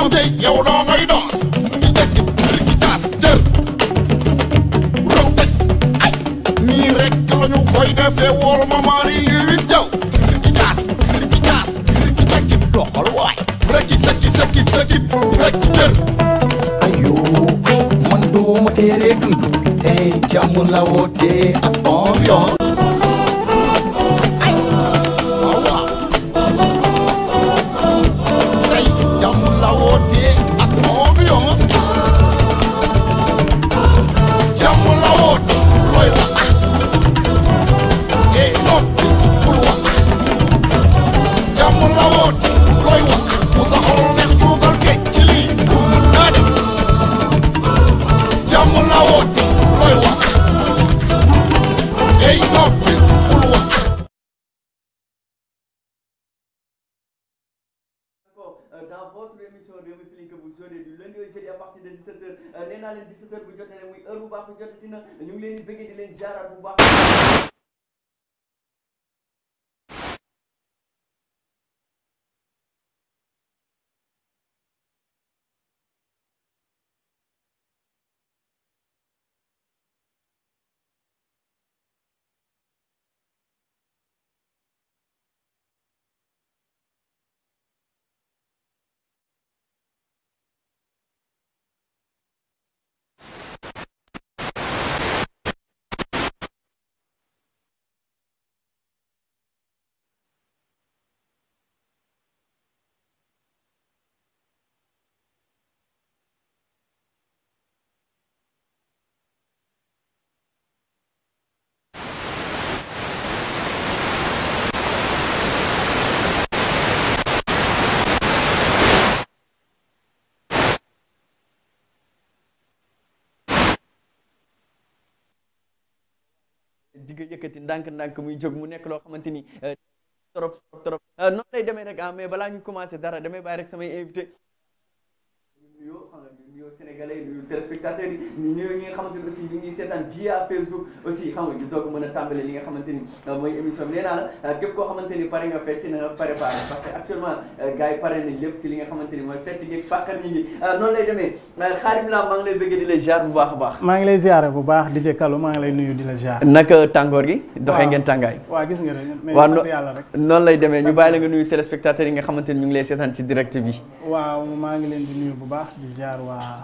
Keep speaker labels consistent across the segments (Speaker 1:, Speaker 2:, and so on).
Speaker 1: moom tey yow doo ngay
Speaker 2: ziaraat bu baax di ko yëkkati ndànk-ndànk muy jóg mu nekk loo xamante ni eh, trop trop trop eh, noonu lay demee rek ah mais balaa ñu commencé dara damay bàyyi rek samay invité sénégalais yi nuyu téléspectateurs yi ñu ñëw ñi nga xamante ñu ngi seetaan via Facebook aussi xam nga ñu mën a tàmbale li nga xamante ni euh, mooy émission bi nee naa la euh, képp koo xamante ni pare nga fecc na nga euh, pare pare parce ngi la maa bu baax a baax
Speaker 1: maa ngi lay ziar bu baax DJ Kalou maa ngi lay nuyu di la ziar gis nga rek waaw
Speaker 2: noonu la nga nuyu téléspectateurs yi nga xamante ni ñu ngi lay seetaan ci direct bi
Speaker 1: waaw maa ngi leen di nuyu bu baax di ziar waa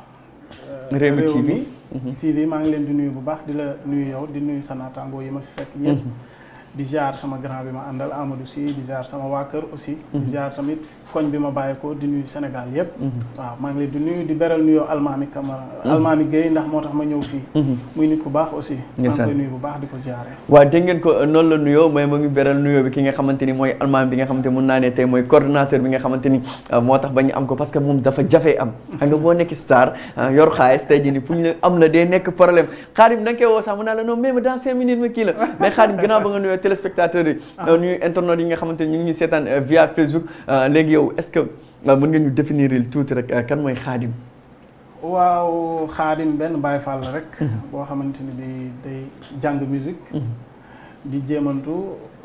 Speaker 1: Euh, Rewmi TV Rewmi TV maa ngi leen di nuyu bu baax di la nuyu yow di nuyu sa naataangoo yi ma fi fekk ñëpp di ziar sama grand bi ma àndal Amadou si di ziar
Speaker 2: ki nga xamante ni mooy Almaami bi nga xamante mun naa ne tey euh, am ko parce euh, nekk problème xaarim da nga woo sax mu naa la non même dans cinq minutes ma kii la mais xaarim gannaaw ba nga nuyoo téléspectateurs yi ah. euh, ñuy internautes yi nga xamante ni ñu ngi ñuy seetaan euh, via Facebook euh, léegi yow est-ce que mën nga ñu définir il tuuti rek kan mooy xaadim
Speaker 1: waaw xaadim benn Baye Fall rek mhm. boo xamante ni bi day jàng musique mhm. di jéemantu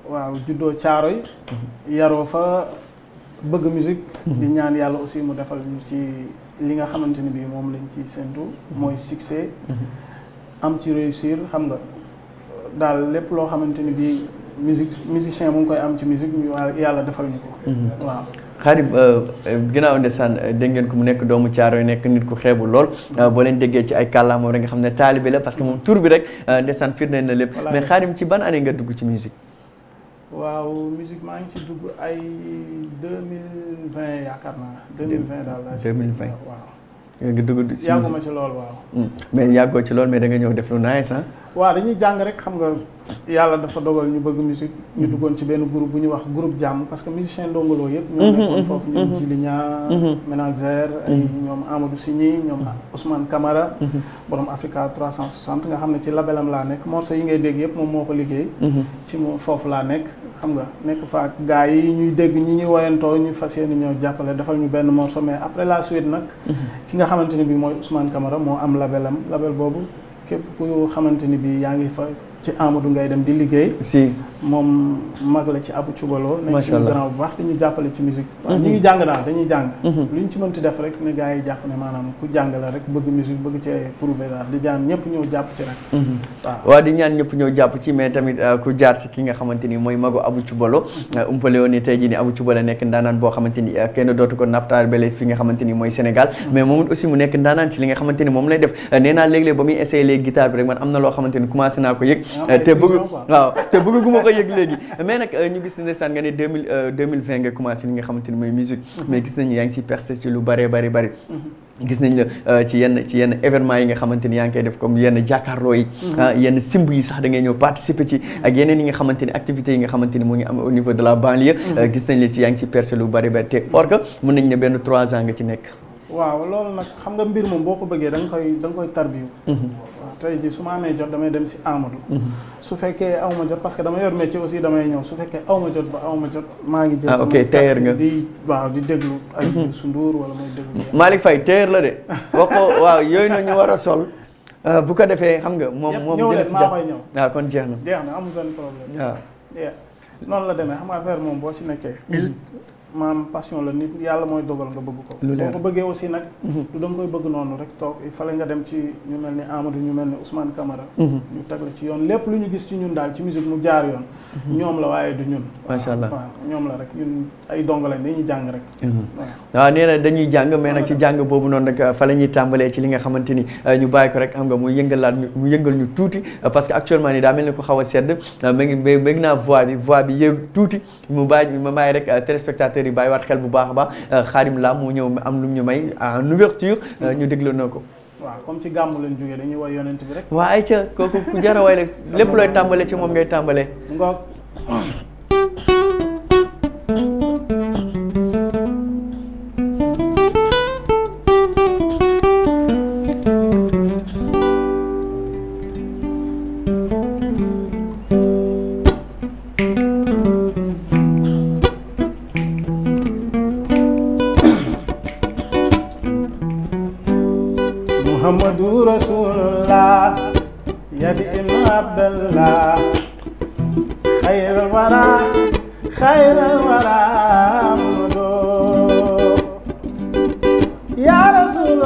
Speaker 1: waaw juddoo caaro yi mhm. yaroo fa bëgg musique di ñaan yàlla aussi mu defal ñu ci li nga xamante ni bii moom lañ ci séntu mooy succès am ci réussir xam nga daal lépp loo xamante ni bii musique musicien mu ngi koy am ci musique yàlla defal ñu ko. Mhm. waaw.
Speaker 2: xaarib euh, euh, ginnaaw ndeysaan euh, dégg ngeen ko mu nekk doomu caaro yi nekk nit ku xeebu lool mm-hmm. boo leen déggee ci ay kàllaama rek nga xam ne taalibe la parce que moom tur bi rek ndeysaan firndeel na lépp mais xaarib ci ban année nga dugg ci musique
Speaker 1: waaw musique maa ngi si dugg ay deux mille vingt yaakaar naa deux mille vingt
Speaker 2: nga dugg si yàgguma ci lool waaw. Hmm. mais yàggoo ci lool mais da nga ñëw def lu nice ah.
Speaker 1: waaw dañuy jàng rek xam yàlla dafa dogal ñu bëgg musique ñu mm-hmm. duggoon ci benn group bu ñu wax groupe jàmm parce que musicien ndongoloo yëpp ñoo mm-hmm, nekkoon mm-hmm, foofu ñoom Djili Niang Ménager ay ñoom Amadou Signy ñoom Ousmane Camara borom Africa 360 nga xam ne ci labelam laa nekk morceau yi ngay dégg yëpp moom moo ko liggéey ci moom foofu laa nekk xam nga nekk fa ak gars yi ñuy dégg ñi ñuy woyantoo ñu fas yéene ñoo jàppale defal ñu benn morceau mais après la suite nag ki nga xamante ni bi mooy Ousmane kamara moo am labelam label boobu képp ku xamante ni ci Amadou ngay dem di liggéey. si moom mag la ci abu cubaloo nekk suñu gannaaw bu baax dañuy jàppale ci musique waaw mhm. ñu ngi jàng daal dañuy jàng mhm. lu ñu ci mënti def rek ne gars yi jàpp ne maanaam ku jàng la rek bëgg musique bëgg
Speaker 2: mhm. euh, ni mooy magu abu cubalo euh, umpale woon ni ni abu cubalo nekk ndaanaan boo xamante ni euh, kenn dootu ko lay def bi rek man am na loo xamante ni naa ko yëg ah, te bëgg waaw te bëgg gu ko ko yëg léegi mais nag euh, ñu gis ndeysaan nga ne deux mille euh, deux mille vingt nga commencé li nga xamante mooy musique mm-hmm. mais gis nañu ci mm-hmm. la euh, ci yenn ci yenn événement yi nga xamante ni yaa ngi koy def comme yenn jàkkaarloo yi mm-hmm. ah, yenn simb yi sax da ngay ñëw participer ci ak yeneen yi nga xamante ni activités yi nga xamante ni moo ngi am au niveau de la banlieue gis nañ la ci yaa ngi ci percé lu bëri bëri te or que mën nañ benn trois ans nga ci nekk
Speaker 1: waaw loolu nag xam nga mbir moom boo ko bëggee da koy da nga tey jii su ma amee jot damay dem si Amadou. Mm-hmm. su fekkee aw ma jot parce que dama yor métier aussi damay ñëw su fekkee aw ma jot ba aw ma jot. maa ngi jël ah, sama tailleur nga di waaw di déglu.
Speaker 2: ay mm-hmm. su nduur wala may déglu. Malick Faye tailleur la de. wax ko waaw yooyu war a sol. Euh, bu ko defee xam nga moom moom. dina si jàpp ñëw waaw ah, kon jeex na.
Speaker 1: jeex na amul benn problème.
Speaker 2: waaw
Speaker 1: ah. noonu la demee xam nga affaire moom boo si nekkee. Mm-hmm. maam passion la nit yàlla mooy dogal nga bëgg ko. lu leer bëggee aussi nag. du mhm. danga koy bëgg noonu rek toog il nga dem ci ñu mel ni Amadou ñu mel ni Ousmane Camara. Mhm. ñu teg la ci yoon lépp lu ñu gis mhm. la waaye du ñun. la rek ñun ay dong lañ dañuy jàng rek. waaw
Speaker 2: ah, nee na dañuy jàng mais nag ci jàng boobu noonu rek ah, fa la ñuy tàmbalee ci li nga xamante ni ah, ñu bàyyi ko rek xam nga mu yëngalaat mu yëngal ñu tuuti parce que actuellement nii daa mel ni ko xaw a sedd ma ngi bëgg naa voix bi voix bi yëg tuuti mu bàyyi ma bàyyi rek téléspectateur spectateurs yi xel bu baax a baax euh, Xaadim Lam mu ñëw am lu ñu may euh, en ouverture euh, ñu déglu na ko.
Speaker 1: waaw comme ci gàmmu leen jógee dañuy woy yonent bi rek.
Speaker 2: waaw ayca kooku ku jar a woy lépp looy tàmbale ci moom ngay tàmbale.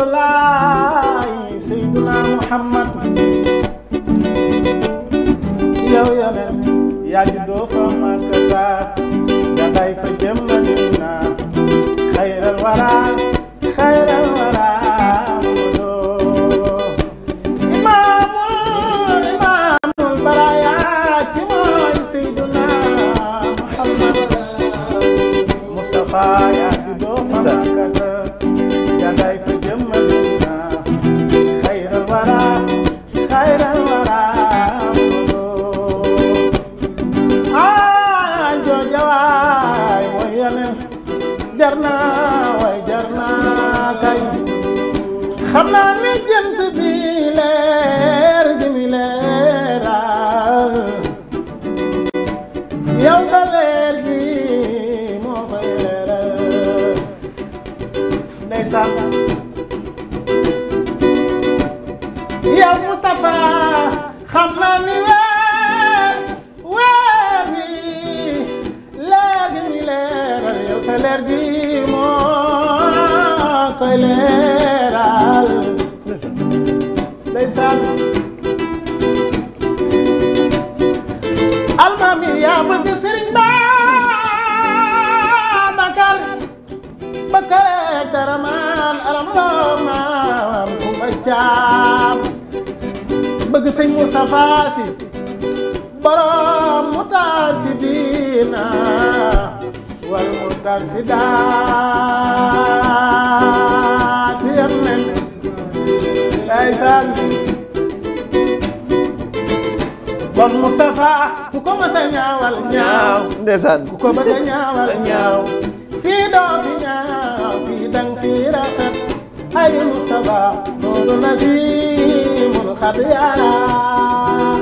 Speaker 1: Rasulaay Seydina Muhammad yow yoneen yaa juddoo fa Makka nga day fa jëm Madina xayral waraa caam bëgg sëñ Moustapha si borom mu taan si diina wal mu taan si daat yen nen ay saan kon Moustapha ku ko mas a ñaawal ñaaw
Speaker 2: ndeysaan a ñaaw
Speaker 1: fii doo fi ñaaw fii dang fii rafet أي مصطفى نور نزيم خبيارا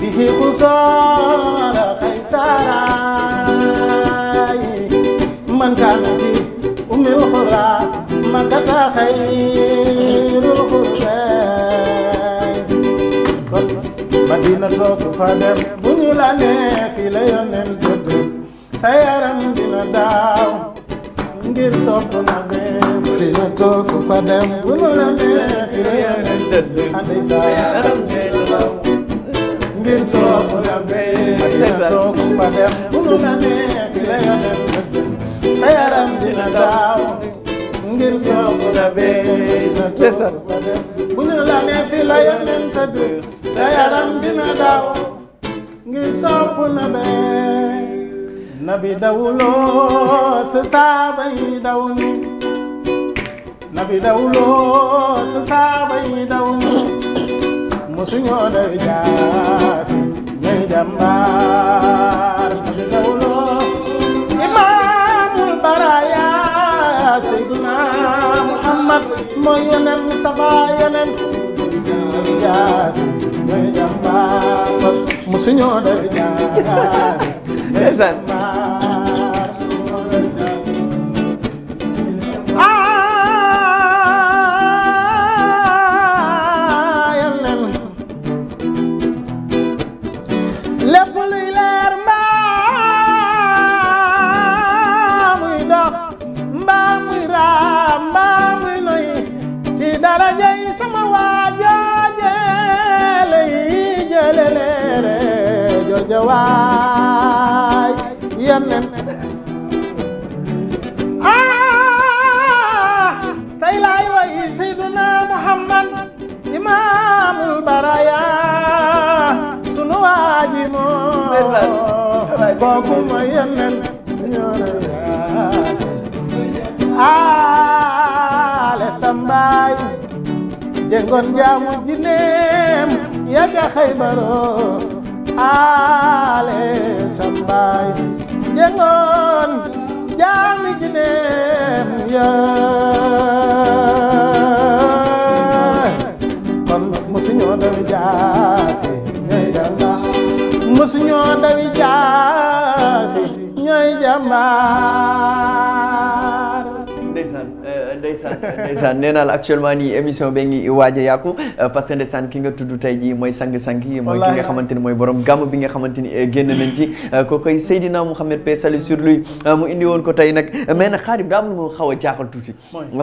Speaker 1: به خزار خيسارا من كان في أم القرى من كتا خير القربى مدينة تفادم بني لنا في ليون الجد سيارم دين داو ngir sopp na dem dina toog fa dem bu loola neex leen tëdd andi saa yaram ngir sopp na dem dina toog fa dem bu loola neex leen tëdd sa yaram dina daaw
Speaker 2: ngir sopp na dem dina toog fa dem bu loola neex leen tëdd
Speaker 1: sa yaram dina daaw ngir sopp na dem nabi dawloo sa saaba yi daw ni nabi dawloo sa saaba yi daw ni musuñoo daw jaasi ñooy jàmbaar nabi dawloo imaamul baraya seydina muhammad mooy yeneen mustafa jaasi ndeysaan lépp luy leer mbaa muy dox mbaa muy raam mbaa muy noy ci daraja yi sama waa jooje lay jële leere jooje waa kooku ma yeneen ñoore aale sambaay jengoon jaamu jineem yagga xaybaro aale sambaay jengoon jaami jineem yaa kon musuñoo dawi jaasi ñay dalla musuñoo dawi jaasi
Speaker 2: xaar ndeysaan ndeysaan eh, eh, ndeysaan nee naa la actuellement nii émission bee ngi waaj a yàqu eh, parce que ndeysaan ki nga tudd tey jii mooy sang-sang yi mooy ki nga xamante ni mooy borom gàmm bi nga xamante ni génn nañ ci ko koy Seydina Mouhamed paix salut sur lui mu indi woon ko tey nag mais nag xaadim daa mun moo xaw a jaaxal tuuti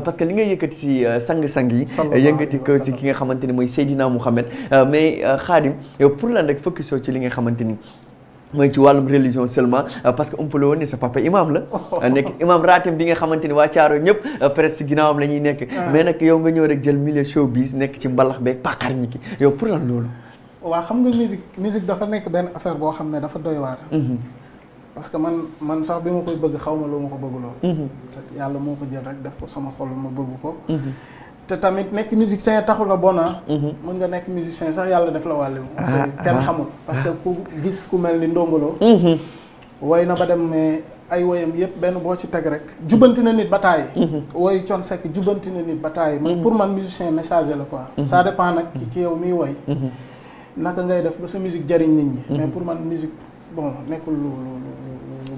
Speaker 2: parce que li nga yëkkati si sang-sang yi yëngati ko si ki nga xamante ni mooy Seydina Mouhamed mais xaadim yow pour lan rek focusoo ci li nga xamante mooy ci wàllum religion seulement euh, parce que umpale woon ni sa papa imam la euh, nekk imam ratim bi nga xamante ni waa Caaro ñëpp euh, presque ginnaawam la nekk mais nag yow nga ñëw rek jël milieu showbiz nekk ci mbalax beeg pàqar ñi ki yow pour lan loolu
Speaker 1: waaw xam nga musique musique dafa nekk benn affaire boo xam ne dafa doy waar mm-hmm. parce que man sax bi ma koy bëgg xaw ma lu ma ko bëgg loolu
Speaker 2: mm-hmm.
Speaker 1: yàlla moo ko jël rek def ko sama xol ma bëgg ko mm-hmm. te tamit nekk musicien taxul a bon ah. mhm. mën nga nekk musicien sax yàlla def la wàllu. Ah, kenn ah. xamul parce que ku gis ku mel ni ndongolo. Mhm. woy na ba dem mais ay woyam yëpp benn boo ci teg rek jubanti na nit ba taay. Mhm. woy Thione jubanti na nit ba taay. man pour man musicien messager la quoi. ça dépend nag ci yow miy woy. naka ngay def ba sa musique jariñ nit ñi. mais pour man musique. bon nekkul lu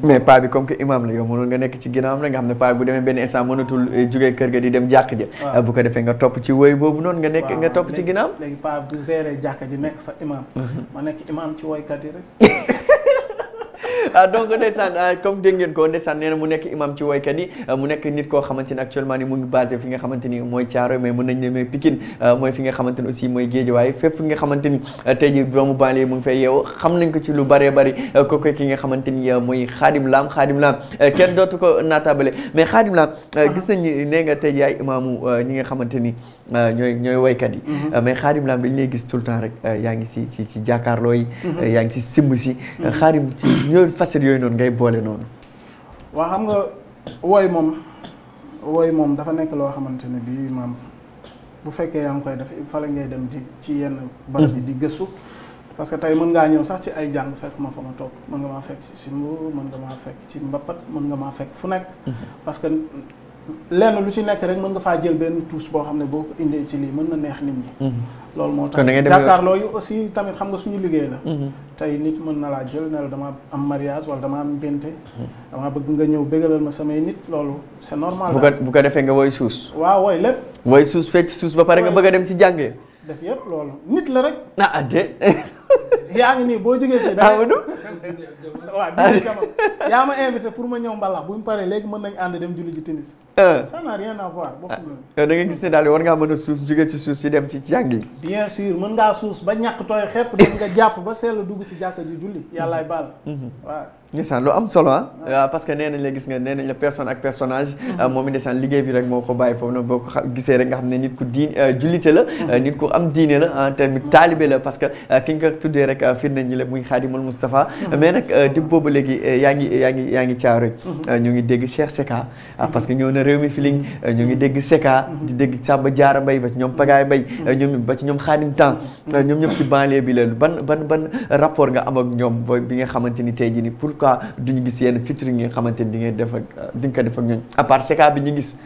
Speaker 2: lu bi comme que imam la yow mënoon nga nekk ci ginaam rek nga xam ne paa bu demee benn instant mënatul eh, jógee kër ga di dem jàkk ja ah, bu ko defee nga topp ci woy boobu noonu nga nekk nga topp ci ginnaawam
Speaker 1: léegi bu géré jàkk ji nekk fa imam ma nekk imam ci woykat yi rek
Speaker 2: Ah, donc ndeysaan ah, comme dégg ngeen ko ndeysaan nee na mu nekk imam ci woykat yi ah, mu nekk nit koo xamante ni actuellement ni mu ngi basé fi nga xamante ni mooy Thiaroye mais mën nañ ne mais fi nga xamante ni aussi mooy Guédiawaye fépp nga xamante ni ngi fay yeewu xam nañ ko ci lu nga xamante mais Khadim Lam uh-huh. gis nañ nee nga tey ji ay imaamu ñi nga xamante ni ñooy ñooy woykat yi uh-huh. mais Khadim Lam dañ lay gis tout le temps rek yaa ngi si si si jàkkaarloo yi uh-huh. yaa ngi si simb si Khadim ñooy facette yooyu noonu ngay boole noonu.
Speaker 1: waa xam nga wooy moom wooy moom dafa nekk loo xamante ne bii maam bu fekkee yaa ngi koy def fa la ngay dem di ci yenn barab yi di hmm. gëstu. parce que tey mën ngaa ñëw sax ci ay jàng fekk ma fa ma toog mën nga maa fekk ci simbu mën nga maa fekk ci mbappat mën nga maa fekk fu nekk. Hmm. parce lenn lu ci nekk rek mën nga faa jël benn tuus boo xam ne boo ko indee ci lii mën na neex nit ñi. Mhm. loolu moo tax jàkkaarloo yu aussi tamit xam nga suñu liggéey la. Mhm. tey nit mën na laa jël ne la dama am mariage wala dama am ngénte. Mhm. dama bëgg nga ñëw bégalal ma samay nit loolu c'est normal. bu ko
Speaker 2: bu ko defee nga woy suus. waaw woy lépp. woy suus fecc suus ba pare nga bëgg a dem ci jàngee.
Speaker 1: def yëpp loolu nit la rek. ah ah yaa ngi nii boo jógee fii Amadou waaw yaa ma invité pour ma ñëw mbalax bu mu paree léegi mën nañ ànd dem julli ji timis euh. ça n'a rien à voir bokkul
Speaker 2: yow euh, da nga gis ne daal war ngaa mën a suus jógee ci suus yi dem ci jàng yi
Speaker 1: bien sûr mën ngaa suus ba ñàkk tooy xepp dem nga jàpp ba seetlu dugg ci jàkka ji julli yàllaay baal mhm.
Speaker 2: waaw ndeysaan lu am solo ah euh, parce que nee la gis nga nee la personne ak personnage mhm. moom i ndeysaan liggéey bi rek moo ko bàyyi foofu noonu boo ko gisee rek nga xam gisee rek ah, firnde ñi le muy xaadimul Moustapha mais nag euh, di boobu léegi euh, yaa ngi yaa ngi yaa ngi caaroy mhm. euh, ngi dégg Cheikh Seka ah, mhm. parce que ñëw na réew mi filing ñu ngi dégg Seka mhm. di dégg Samba Diarra Mbaye ba ci ñoom Pagaay Mbaye ñoom ba ci ñoom Xaadim Temps ñoom ñëpp ci banlieue bi la ban ban ban rapport nga am ak ñoom bi nga xamante ni tey jii ni pourquoi duñu gis yenn featuring yi nga xamante ni di nga def ak di nga ko def ak ñooñ à bi ñu gis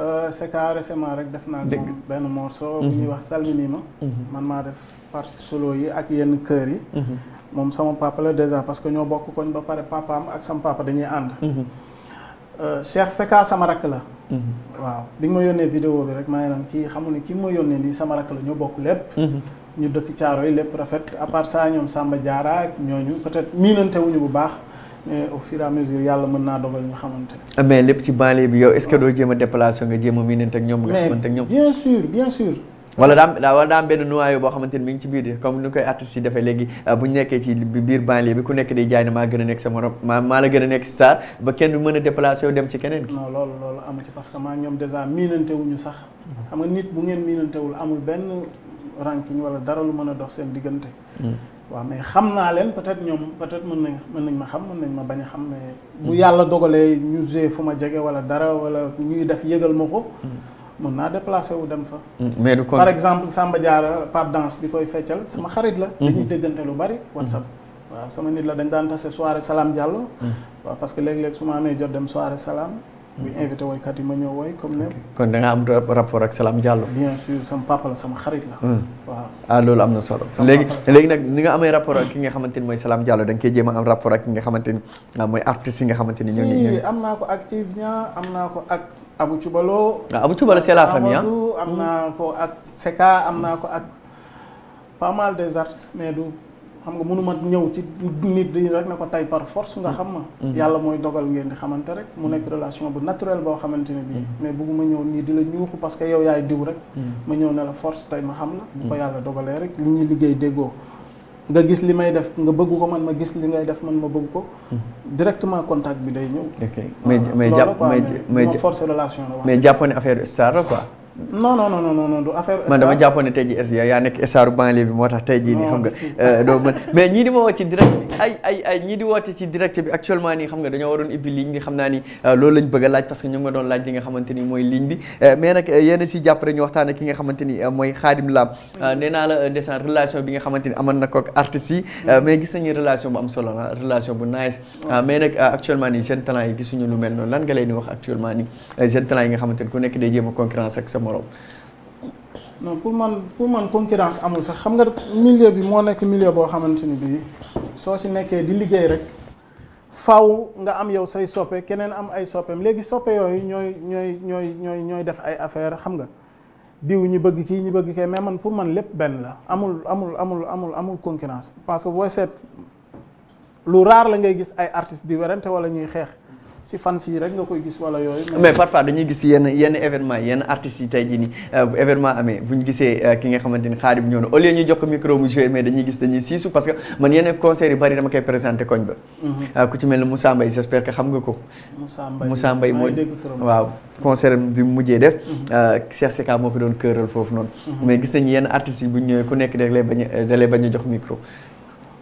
Speaker 1: Euh, c'est que récemment rek def naa ko benn morceau. bu ñuy mhm. wax salmini ma. Mhm. man maa def partie solo yi ak yenn kër yi. Mhm. moom sama papa la déjà parce que ñoo bokk koñ ba pare papaam ak sama papa dañuy ànd. Euh, Cheikh Seka sama rakk la. waaw bi nga ma yónnee vidéo bi rek maa ngi naan kii xamul ne kii ma yónnee nii sama rakk la ñoo bokk lépp. ñu dëkk caaro yi lépp rafet à part ça ñoom Samba Diarra ñooñu peut-être miinante wuñu bu baax. mais au fur et à mesure yàlla mën naa dogal ñu xamante
Speaker 2: ah, mais lépp ci banlieue bi yow est-ce que doo jéem a déplacé nga jéem a miinante ak ñoom. nga xamante ñoom bien sûr boo xamante ni mi ngi ci biir comme ni koy artistes yi defee léegi ah, bu ñu nekkee ku nekk di jaay ne maa gën a nekk sa morom maa a kenn du a déplacé wu dem ci keneen ki. non loolu
Speaker 1: loolu amu ci parce que maa ñoom dèjà miinante wuñu sax xam nga nit bu ngeen miinantewul amul benn ranking wala dara lu mën a dox seen diggante hmm. waaw mais xam naa leen peut-être ñoom peut-être mën nañ mën nañ ma xam mën nañ ma bañ a xam mais. bu yàlla dogalee ñu joué fu ma jege wala dara wala ñuy def yëgal ma ko. Mm. mën naa déplacé wu dem fa.
Speaker 2: Mm, mais du par
Speaker 1: exemple Samba Diarra Pape Danse bi koy feccal sama mm. xarit la. Mm-hmm. dañuy déggante lu bari mm-hmm. WhatsApp. waaw sama nit la dañ daan tase soirée salaam Diallo. waa parce que léeg-léeg su ma amee jot dem soirée salaam. ñu invité woykat yi ma ñëw woy comme ne.
Speaker 2: kon da nga am rapport ak Salam Diallo.
Speaker 1: bien sûr sama papa la sama xarit la.
Speaker 2: Hmm. waaw ah loolu am na solo. léegi léegi nag ni nga amee rapport ak ki nga xamante ni mooy Salam Diallo da nga koy jéem a am rapport ak ki nga xamante ni ah, mooy artistes yi nga xamante ni. ñoo ngi ñoo ngi am
Speaker 1: naa ko ak Yves Niang am naa ko ak Abou Thioubalo. waaw
Speaker 2: ah, Abou Thioubalo c'est la famille ah
Speaker 1: am hmm. naa ko ak Seka am naa ko ak pas mal des artistes mais du. xam nga mënuma ñëw ci nit di rek ne ko tey par force nga xam ma mm-hmm. yàlla mooy dogal ngeen di xamante rek mu nekk relation bu naturelle boo xamante ne bii mm-hmm. mais bugguma ñëw nii di la ñuuxu parce que yow yaay diw rek mm-hmm. ma ñëw ne la force tey ma xam la bu ko yàlla dogalee rek li ñuy liggéey déggoo nga gis li may def nga bëgg ko man ma gis li ngay def man ma bëgg ko directement contact bi day ñëw
Speaker 2: ok mais mais jàpp mais mais force
Speaker 1: relation la
Speaker 2: jàppoon ne affaire star la quoi
Speaker 1: non non non non non du affaire. man dama
Speaker 2: jàppoon ne tey jii SDA yaa nekk esaaru banlieue bi moo tax tey jii nii xam nga euh, doo mën mais ñii di ma woo ci direct bi ay ay ay ñii di woote ci direct bi actuellement nii xam nga dañoo waroon ibbi ligne bi xam naa ni euh, loolu lañ bëgg a laaj parce que ñu ngi ma doon laaj li nga xamante ni mooy ligne bi euh, mais nag yéen a si jàpp rek ñu waxtaan ak ki nga xamante ni mooy Khadim Lam nee naa la ndeysaan relation bi nga xamante ni amoon na ko ak artistes yi mais gis nañu relation bu am solo la relation bu nice mais nag actuellement nii jeune talent yi gisuñu lu mel noonu lan nga leen di wax actuellement ni jeune talent yi nga xamante ni ku nekk day jéem a concurrence ak sama
Speaker 1: non pour man pour man concurrence amul sax xam nga milieu bi moo nekk milieu boo xamante ni bii soo si nekkee di liggéey rek faaw nga am yow say soppe keneen am ay soppeem léegi soppe yooyu ñooy ñooy ñooy ñooy ñooy def ay affaire xam nga diw ñu bëgg kii ñu bëgg kii mais man pour man lépp benn la amul amul amul amul amul concurrence parce que booy seet lu raar la ngay gis ay artistes di werante wala ñuy xeex. si fans yi rek nga koy gis wala yooyu. mais
Speaker 2: parfois dañuy gis yenn yenn événement yenn artistes yi tey jii nii euh, bu amee bu ñu gisee euh, ki nga xamante ni xaarib ñëw na ñu jox ko micro mu joué mais dañuy gis dañuy siisu parce que man koy présenté koñ mhm. euh, ku ci mel ne Moussa Mbaye j'espère que xam nga ko. Moussa Mbaye moo Mbaye mooy waaw concert bi mu mujjee def. Mhm. Cheikh Seka moo ko doon këral foofu noonu. Mhm. mais gis nañu yenn artistes bu ñu ñëwee ku nekk da ba ñu a da lay jox micro.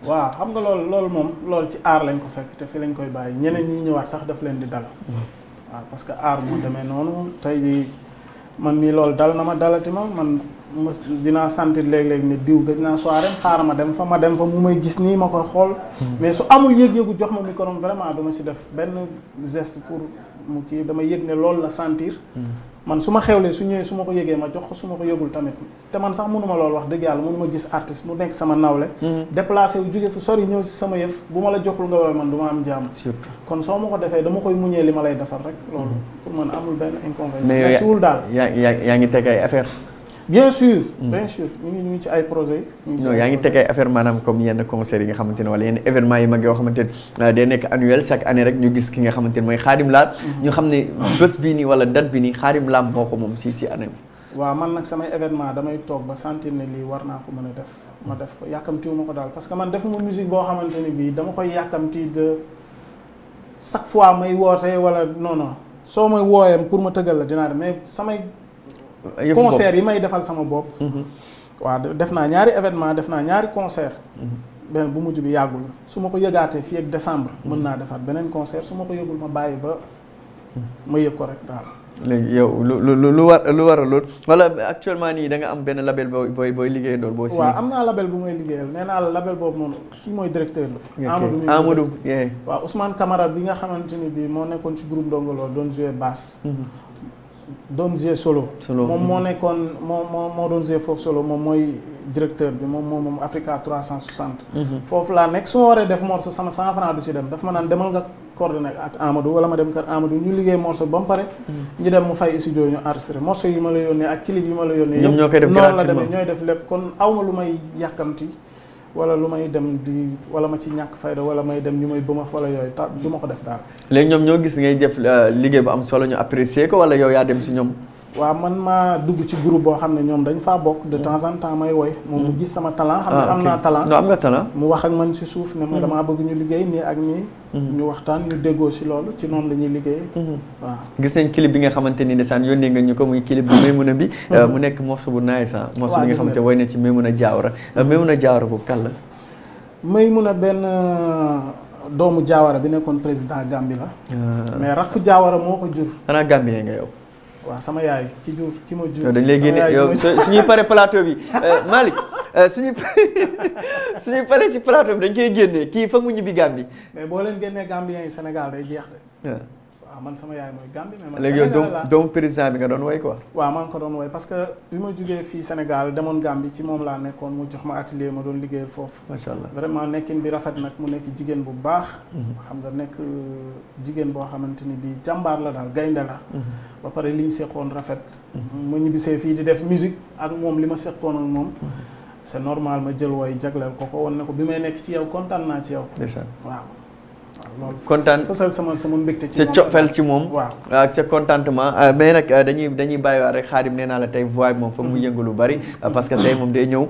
Speaker 1: waaw xam nga loolu loolu moom loolu ci aar lañ ko fekk te fi lañ koy bàyyi ñeneen ñi ñëwaat sax daf leen di dal. Mm-hmm. waaw parce que aar moo demee noonu tey jii man mii loolu dal na ma dalati ma man mos dinaa sentir léeg-léeg ne diw gëj naa soirée xaar ma dem fa ma dem fa mu may gis nii ma koy xool. Mm-hmm. mais su amul yëg-yëgu jox ma micro vraiment duma si def benn geste pour mu kii dama yëg ne loolu la sentir. Mm-hmm. man su ma xewlee su ñëwee su ma ko yëgee ma jox ko su ma ko yëgul tamit te man sax mënuma loolu wax dëgg yàlla mënuma gis artiste mu nekk sama nawle mhm. déplacé wu jóge fu sori ñëw si sama yëf bu ma la joxul nga woowee man du ma am jàmm kon soo ma ko defee dama koy muñee li ma lay defar rek loolu mhm. pour man amul benn inconvénient mais
Speaker 2: ciwul daal yaa yaa ngi teg ay affaire bien sûr. Mm. bien sûr
Speaker 1: ñu ngi ñu ngi ci ay projet yaa
Speaker 2: ngi teg ay affaire maanaam comme yenn concert yi nga xamante ne wala yenn événement yi mag yoo xamante ne euh, day nekk annuel chaque année rek ñu gis ki nga xamante ne mooy Khadim Lam mm-hmm. ñu xam ne bés bii nii wala date bi nii Khadim Lam ko moom si si année bi
Speaker 1: waaw man nag samay événement damay toog ba sentir ne lii war naa ko mën a def ma def ko yàkkamtiwu ma ko daal parce que man defuma musique boo xamante ne bii dama koy yàkkamti de chaque fois may woote wala non non soo may wooyam pour ma tëggal la dinaa def mais samay concert yi may defal sama bopp. Mhm. waaw def naa ñaari événement def naa ñaari concert. Mhm. benn bu mujj bi yàggul su ma ko yëgaatee fi ak décembre. Mhm. mën naa defaat beneen concert su ma ko yëgul ma bàyyi ba ma yëg ko rek daal.
Speaker 2: léegi lu lu lu war lu war a lool wala actuellement nii da nga am benn label booy booy booy liggéeyandool boo si. waaw am
Speaker 1: naa label bu may liggéeyal nee naa la label boobu noonu kii mooy directeur la. Amadou Amadou. waaw Ousmane Camara bi nga xamante ni bii moo nekkoon ci groupe Ndongo Lo doon jouer basse. doon g solo moom moo nekkoon moo moo moo doon g foofu solo moom mooy directeur bi moom moom moom Africa 360 mhm. foofu laa nekk su ma waree def morceau sama 100 francs du si dem daf ma naan demal nga coordonné ak Amadou wala ma dem kër Amadou ñu liggéey morceau ba mu pare mhm. ñu dem mu fay studio ñu enregistré morceau yi ma la yónnee ak clip yi ma la yónnee yëpp noonu la demee ñooy def lépp kon awma lu may yàkkamti wala lu may dem di wala ma ci ñàkk fayda wala may dem ñu may bëmax wala yooyu ta du ma ko def daal.
Speaker 2: léegi ñoom ñoo gis ngay def euh, liggéey bu am solo ñu apprécier ko wala yow yaa dem si ñoom.
Speaker 1: waaw man maa dugg ci groupe boo xam ne ñoom dañ faa bokk de temps en temps may woy moom mu hmm. gis sama talent xam ne ah, am naa talent am nga talent mu wax ak man si suuf ne ma hmm. damaa bëgg ñu liggéey nii ak nii hmm. ñu waxtaan ñu déggoo si loolu ci noonu la ñuy liggéey waaw
Speaker 2: gis nañ clip bi nga xamante ni ndeysaan yónnee nga ñu ko muy clip ah. bi Maymuna euh, bi mu nekk morceau bu nice ah morceau bi nga xamante woy na ci Maymuna Jaawara euh, a Jaawara boobu kan la
Speaker 1: Maymuna benn euh, doomu Jaawara bi nekkoon président Gambie la
Speaker 2: ah. mais rakku
Speaker 1: Jaawara moo ko jur
Speaker 2: xanaa nga yow waaw sama yaay ki jur ki ma jur. dañ lay génne yow suñuy pare plateau bi euh, Malick euh, suñuy suñuy pare ci plateau bi dañ koy génne kii fa mu ñibbi Gambie.
Speaker 1: mais boo leen génnee Gambien yi Sénégal day jeex de. Ah, man sama yaay mooy Gambie mais man léegi yow doomu doomu
Speaker 2: bi nga doon woy ko
Speaker 1: waaw maa ngi ko doon woy parce que bi ma jógee fii Sénégal demoon Gambie ci moom laa nekkoon mu jox ma atelier ma doon liggéeyal foofu macha allah vraiment nekkin bi rafet nag mu nekk jigéen bu baax mhm. xam nga nekk euh, jigéen boo xamante ni bi jàmbaar la daal gaynde la mhm. ba pare li ñu rafet mhm. ma ñibbisee fii di def musique ak moom li ma seqoon ak moom c'est normal ma jël woy jagleel ko ko woon ne ko bi may nekk ci yow kontaan naa ci yow waaw
Speaker 2: kontaan fësal sama sama mbégte ci moom sa cofeel ci moom. waaw ak sa contentement euh, mais nag euh, dañuy dañuy bàyyiwaat rek xaadim nee naa la tey voix moom fa mu mm-hmm. yëngu lu bari. Euh, parce que tey moom day ñëw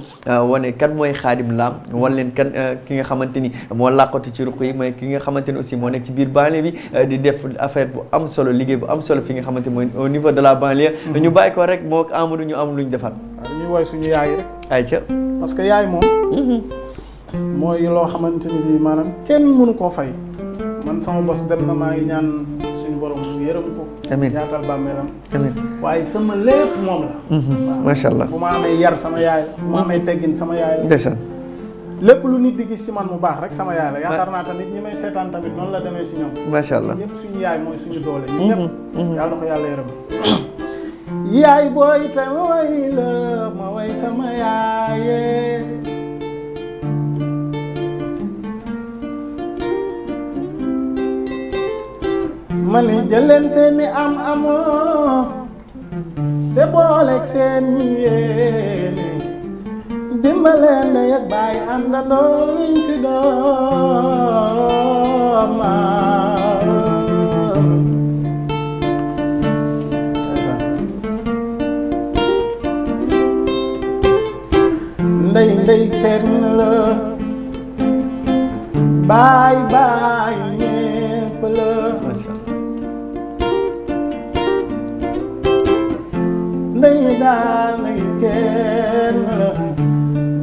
Speaker 2: wane kan mooy xaadim laam wan leen kan ki nga xamante ni moo làqatu ci ruq yi mais ki nga xamante ni aussi moo nekk ci biir banlieue bi di def affaire am solo liggéey bu am solo fi nga xamante mooy au niveau de la banlieue. Mm-hmm. ñu bàyyi ko rek moo Amadou ñu am luñ defar.
Speaker 1: waaw ñu woy suñu yaay rek. ayca parce que yaay moom. Mm-hmm. mooy loo xamante ni maanaam kenn mënu koo fay. man sama bos dem na maa ngi ñaan suñu borom yërëm ko. amiin ñaatal bàmmeelam. amiin waaye sama lépp moom la.
Speaker 2: Mhm. macha allah bu ma
Speaker 1: amee yar sama yaay la bu ma amee teggin sama yaay
Speaker 2: la.
Speaker 1: di gis ci man mu baax rek sama yaay la yaakaar naa tamit ñi may seetaan tamit noonu la demee si ñoom. macha allah ñëpp suñu yaay mooy suñu doole. ñun ñëpp mhm. mhm. yàlla ko yàlla yërëm. yaay booy te ma la ma way sama yaayee. ma ne jëleen seeni am amoo te booleeg seen ñi yéene dimbaleen da yeg bàyyi àndandoo luñ ci dooma ndey ndey kenn la baay baay ndey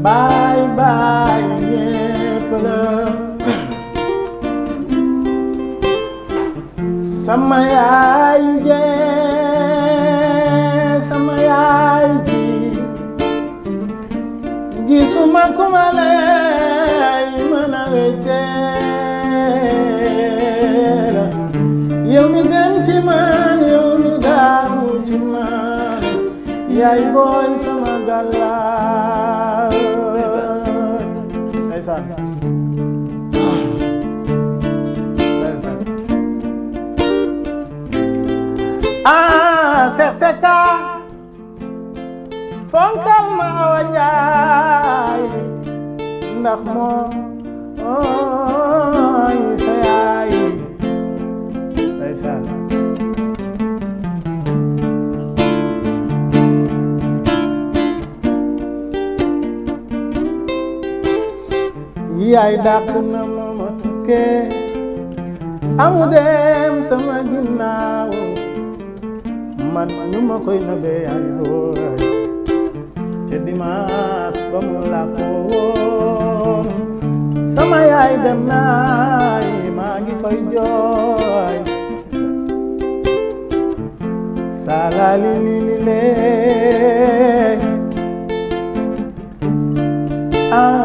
Speaker 1: baay baay ñépp la sama yaay jee sama yaay ji gisuma ku ma leen yaay booy sama gàllaal ndeysaan ah Seex Seka fonkal ma Awa Njaay ndax moom oh, yaay dàq na ma ma tukkee amu dem sama ginnaaw man ñu koy nëbee ay dooy ca dimaas ba mu làqoo woon sama yaay dem naay maa ngi koy jooy salali li lee ah.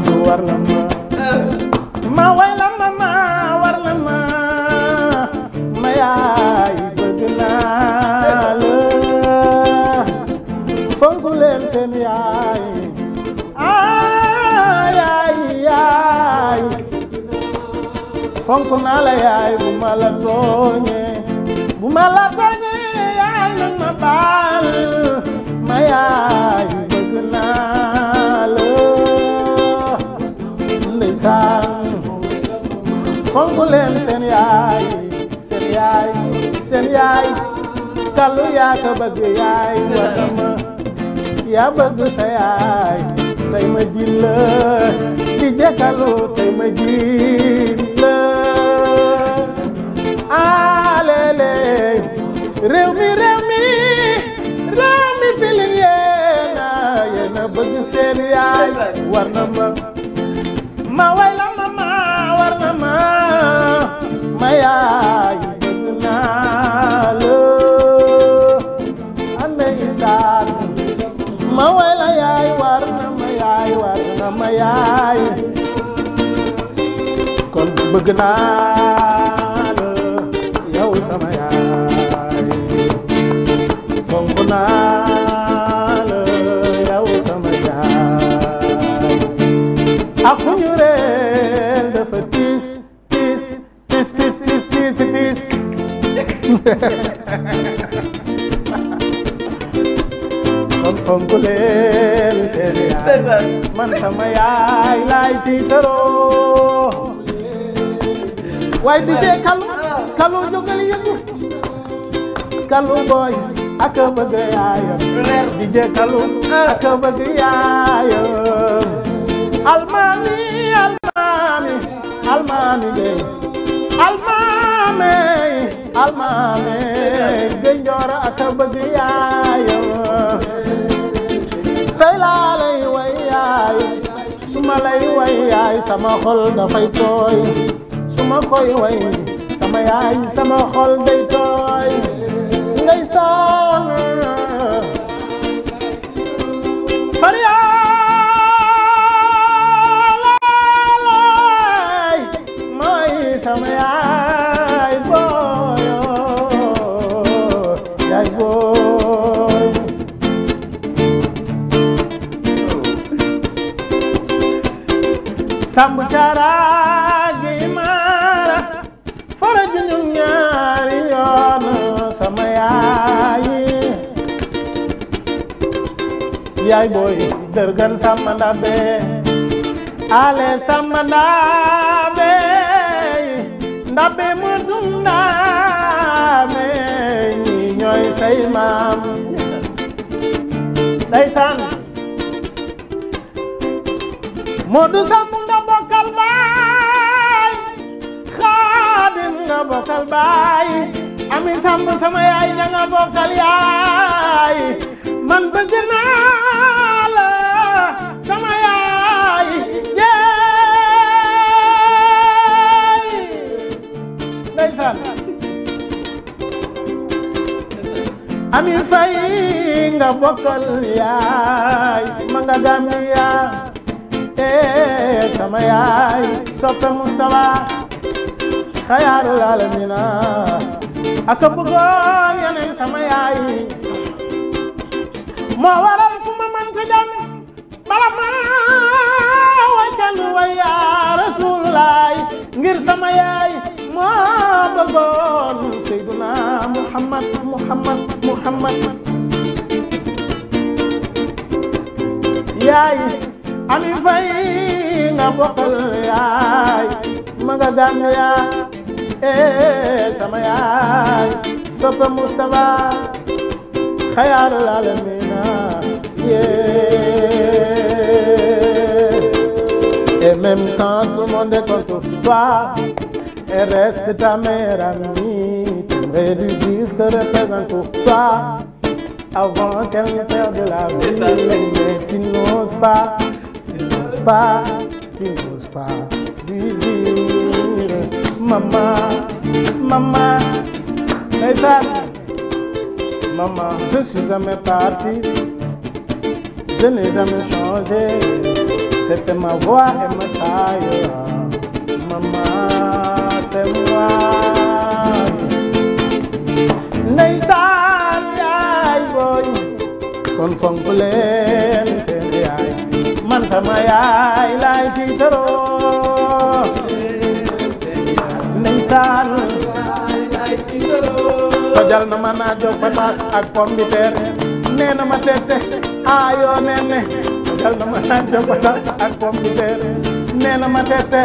Speaker 1: bëgg sa sama yaay kon bëgg naa la yow sama yaay fonk naa la yow sama yaay ak ñu reen dafa tiis tiis tiis tiis tiis tiis tiis kon fonk besal man sama yaay laay tiitaroo waaye di jee kalu kalu jógal kalu booy ak a bëgg di jee kalu ak a bëgg yaayam almaami almaami almaami sama xol dafay tooy su ma koy way sama yaay sama xol day tooy ngay saa sàmb caaraay gi maara fara ji ñu ñaari sama yaayi yaay booy dërgan sàmba ndabe ale sàmba ndabe ndabe mu dum ndaame ñi ñooy maam ndeysaan moo du sàmb samb sama yaay ña nga bokkal yaay man bëgg naa sama yaay yeey ndeysaan ami fay nga bokkal yaay ma nga Gambia ee eh, sama yaay soppe Mustafa xayaarul alamina aka bëggoon yeneen sama yaay moo waral fu ma mënta dem bala ma waccal wa yaa rasulullaay ngir sama yaay moo bëggoon sayduna muhammad muhammad muhammad yaay fay nga bokkal yaay ma nga gànn yaa eh sama yaay soppa Mustafa xayaarul alamina yeah et même quand tout le monde est contre toi reste ta meilleure amie t'aimerais lui dire pour toi avant qu'elle ne la vie mais tu n'oses pas tu n'oses pas tu n'oses pas mama mama ndeysaan mama je suis jamais parti je n'ai jamais changé c'était ma voix et ma taille mama c'est moi ndeysaan yaay booy kon fonk leen seen man sama yaay laay tiitaroo ndeysaan tojal na ma naa jox ak pombiteer nee ma tete aayoo nee ne tojal na ma naa jox pataas ak pombiteer nee na ma tete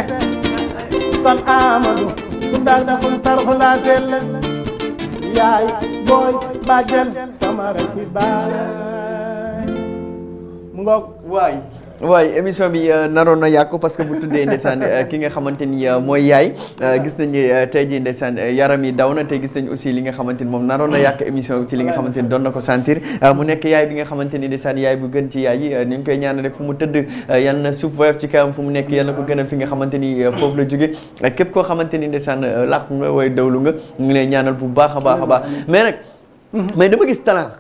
Speaker 1: kon Amadou bu ndaal daful sarxu laa teel yaay booy bàjjen sama rakki
Speaker 2: baay waaye émission bi euh, naroon na yàqu parce que bu tuddee ndeysaan euh, ki nga xamante ni euh, mooy yaay gis nañ tey jii ndeysaan yaram yi daw na te gis nañ aussi li nga xamante ni moom naroon na yàq émission ci li nga xamante ni doon na ko sentir mu nekk yaay bi nga xamante ni ndeysaan yaay bu gën ci yaay yi ni ñu koy ñaan rek fu mu tëdd yal na suuf woyof ci kawam fu mu nekk yal na ko gënal fi nga xamante ni foofu la jóge képp koo xamante ni ndeysaan làqu nga way dawlu nga ñu ngi ñaanal bu baax a baax a baax mais Mm-hmm. mais dama gis talent.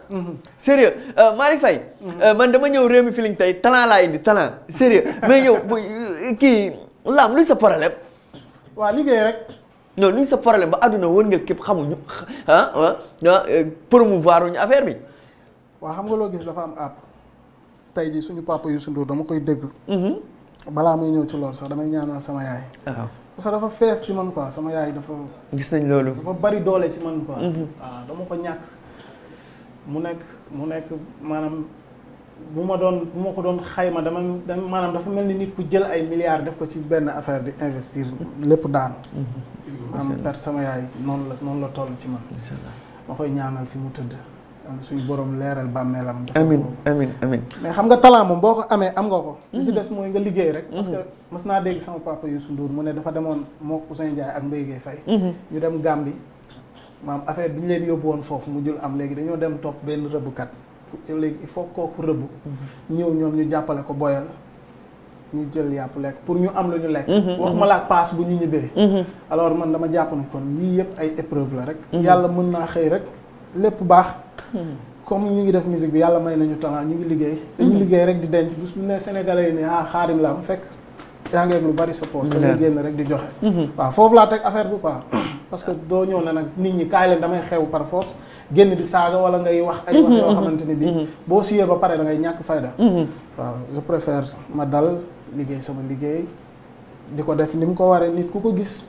Speaker 2: sérieux Malick Faye. man dama ñëw réew mi feeling tey talent laa indi talent sérieux mais yow kii Lam luy sa problème. waa liggéey rek. non luy sa problème ba àdduna wërngël képp xamuñu ah ah promouvoir wuñu affaire bi.
Speaker 1: waa xam nga loo gis dafa am àpp tey jii suñu papa Youssou Ndour dama koy déglu. balaa muy ñëw ci loolu sax damay ñaanal sama yaay.
Speaker 2: waaw
Speaker 1: dafa fees ci man quoi sama yaay dafa.
Speaker 2: gis nañ loolu. dafa
Speaker 1: bari doole ci man quoi. dama ko ñàkk. mu nekk mu nekk maanaam bu ma doon bu ma ko doon xayma dama maanaam dafa mel ni nit ku jël ay milliards def ko ci benn affaire di investir lépp daanu. Mm-hmm. am per sama yaay noonu la noonu la toll ci man. ma koy ñaanal fi mu tëdd. am suñu borom leeral bàmmeelam.
Speaker 2: amin amin amin
Speaker 1: mais xam nga talent moom boo ko amee am nga ko. li si mm-hmm. des mooy nga liggéey rek. parce mm-hmm. mas naa dégg sama papa Youssou Ndour mu ne dafa demoon mook Ousin Ndiaye ak Mbaye Guèye Faye. ñu dem Gambie. maam affaire bi ñu leen yóbbu woon foofu mu jël am léegi dañoo dem topp benn rëbbkat léegi il faut kooku rëbb ñëw ñoom ñu jàppale ko boyal ñu jël yàpp lekk pour ñu am lu ñu lekk mhm, waxuma mhm. laa paas bu ñu ñibbee mhm. alors man dama jàpp na kon yii yëpp ay épreuve la rek yàlla mën naa xëy rek lépp baax comme ñu ngi def musique bi yàlla may nañu talent ñu ngi liggéey dañu liggéey rek di denc bés bu ne sénégalais yi ah xaarim la am fekk yaa ngeeg lu bari sa poos da rek di joxe waaw foofu affaire bi quoi parce que doo ñëw na nag nit ñi kaay leen damay xew par force génn di saaga wala ngay wax ay wax yoo xamante ni bii mhm. boo siyee ba pare da ngay ñàkk fayda mhm. waaw je préfère ma dal liggéey sama liggéey di ko def ni mu ko waree nit ku ko gis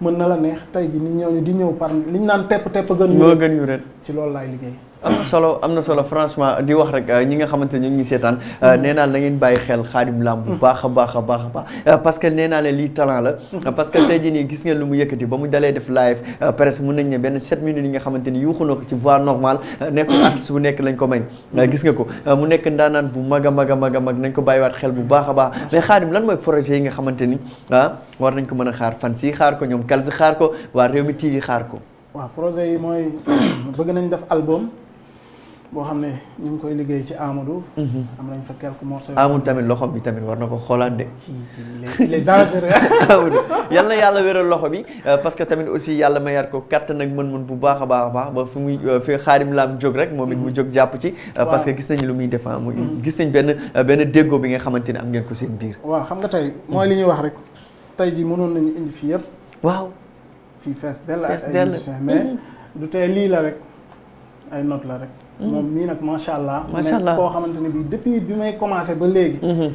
Speaker 1: mën na la neex tey ji nit ñooñu di ñëw par ñu naan tepp tepp gën yu gën yu ren ci loolu laay liggéey
Speaker 2: am na solo am franchement di wax rek ñi nga xamante ne ñu ngi seetaan mm-hmm. nee naa la ngeen bàyyi xel Khadim Lamb bu mm-hmm. baax a baax a baax a baax euh, parce que nee naa lii talent la mm-hmm. parce que tey nii gis ngeen lu mu yëkkati ba mu dalee def live euh, presque mun nañ ne benn 7 minutes yi nga xamante ni ko ci voix normale euh, nekk artiste nekk lañ ko may gis nga ko mu nekk ndaanaan bu mag a mag a mag a mag nañ ko bàyyiwaat xel bu baax a baax mais Khadim lan mooy projet yi nga ni ah war nañ ko mën a xaar fan si xaar ko ñoom kal si xaar ko waa Rewmi TV xaar ko
Speaker 1: waaw projet boo xam ne ñu ngi koy liggéey ci Amadou. Mhm. am nañ fa quelques morceaux. Amadou
Speaker 2: tamit loxo bi tamit war na ko xoolaat de. il est dangereux. Amadou yal na yàlla wéral loxo bi euh, parce que tamit aussi yàlla mayaat ko kattan ak mën-mën bu baax a baax a baax ba fi muy euh, fi laa laam jóg rek moom it mu mhm. jóg jàpp ci. Euh, parce que gis nañu lu muy def ah, muy mhm. gis nañ benn benn déggoo bi nga xamante ne am ngeen ko seen biir.
Speaker 1: waaw xam nga tey mooy li ñuy wax rek tey ji mënoon nañu indi fii yëpp. waaw. fii fees dell ak ay musiciens mais du tey lii la rek ay notes la rek. moom mii nag macha allah. macha allah koo xamante ne bii depuis bi may commencé ba léegi. Mhm.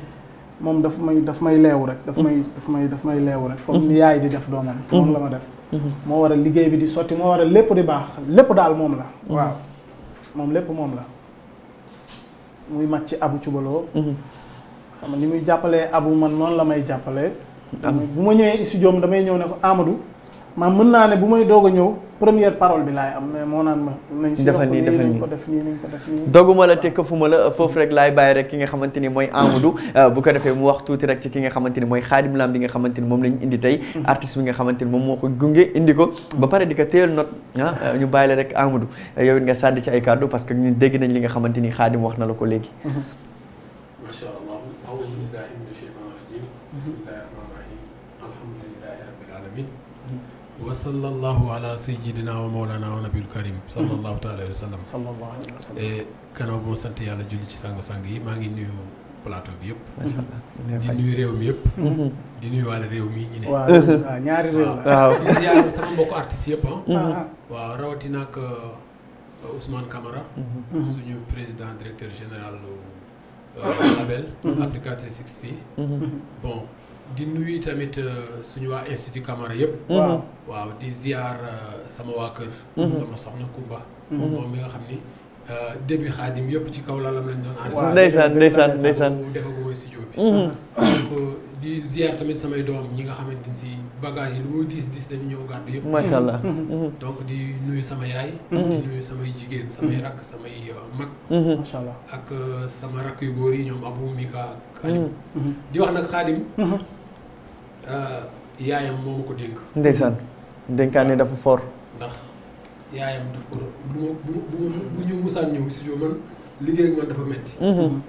Speaker 1: moom dafa may daf may leewu rek. dafa may mhm. daf may daf may leewu rek. comme mhm. ni yaay di def doomam. moom la ma def. moo war a liggéey bi di sotti moo war a lépp di baax lépp daal moom la. waaw moom lépp moom la. muy mag ci abu cubaloo. xam nga ni muy jàppalee abu man noonu la may jàppalee. bu ma ñëwee studio am damay ñëw ne ko Amadou. ma mën naa ne bu may doog a ñëw première parole bi laay am mais moo naan ma. nañ si def nii nañ
Speaker 2: doguma la te këfuma la foofu rek laay bàyyi rek ki nga xamante ni mooy Amadou euh, bu ko defee mu wax tuuti rek ci ki nga xamante ni mooy Khadim Lam bi nga xamante ni moom lañu indi tey. Mhm. artiste bi nga xamante moom moo ko gunge indi ko. ba pare di ko téyal note ah euh, ñu bàyyi la rek Amadou euh, yow it nga sàdd ci ay kàddu parce que ñu dégg nañ li nga xamante ni Khadim wax na la ko léegi. Mhm.
Speaker 3: wa sallallahu ala sayyidina wa mawlana wa nabil karim sallallahu taala alayhi wa sallam e, bu ma sant yàlla julli ci sang-sang yi maa ngi nuyu plateau bi yëpp di nuyu réew mi yëpp mm-hmm. di nuyu waale réew mi ñu ne waaw ñaari réew waaw di ziar sama mbokk artistes ah. mm-hmm. Mm-hmm. waaw rawatina ak euh, Ousmane Camara suñu président directeur général euh, label Africa 360 bon di nuyu tamit euh, suñu waa institut Camara yëpp. Mhm. waaw waaw di ziar euh, sama waa kër. Mhm. sama soxna Kumba. Mhm. moom mi nga xam ni euh, début xaadim yëpp ci kaw lalam lañ doon. waaw ndeysaan ndeysaan ndeysaan mu defagu mooy studio di ziar tamit samay doom ñi nga xamante si bagage yi lu muy diis diis dañu di nuyu sama yaay. di nuyu samay jigéen samay rakk samay mag. macha allah ak sama rakk yu góor yi ñoom Abou Mika ak Aliou. di wax nag xaadim. Euh, yaayam moo ma ko dénk.
Speaker 2: ndeysaan dénkaane dafa fort.
Speaker 3: ndax yaayam daf ko bu bu bu ñu musaan ñëw studio man liggéey ak man dafa metti mhm.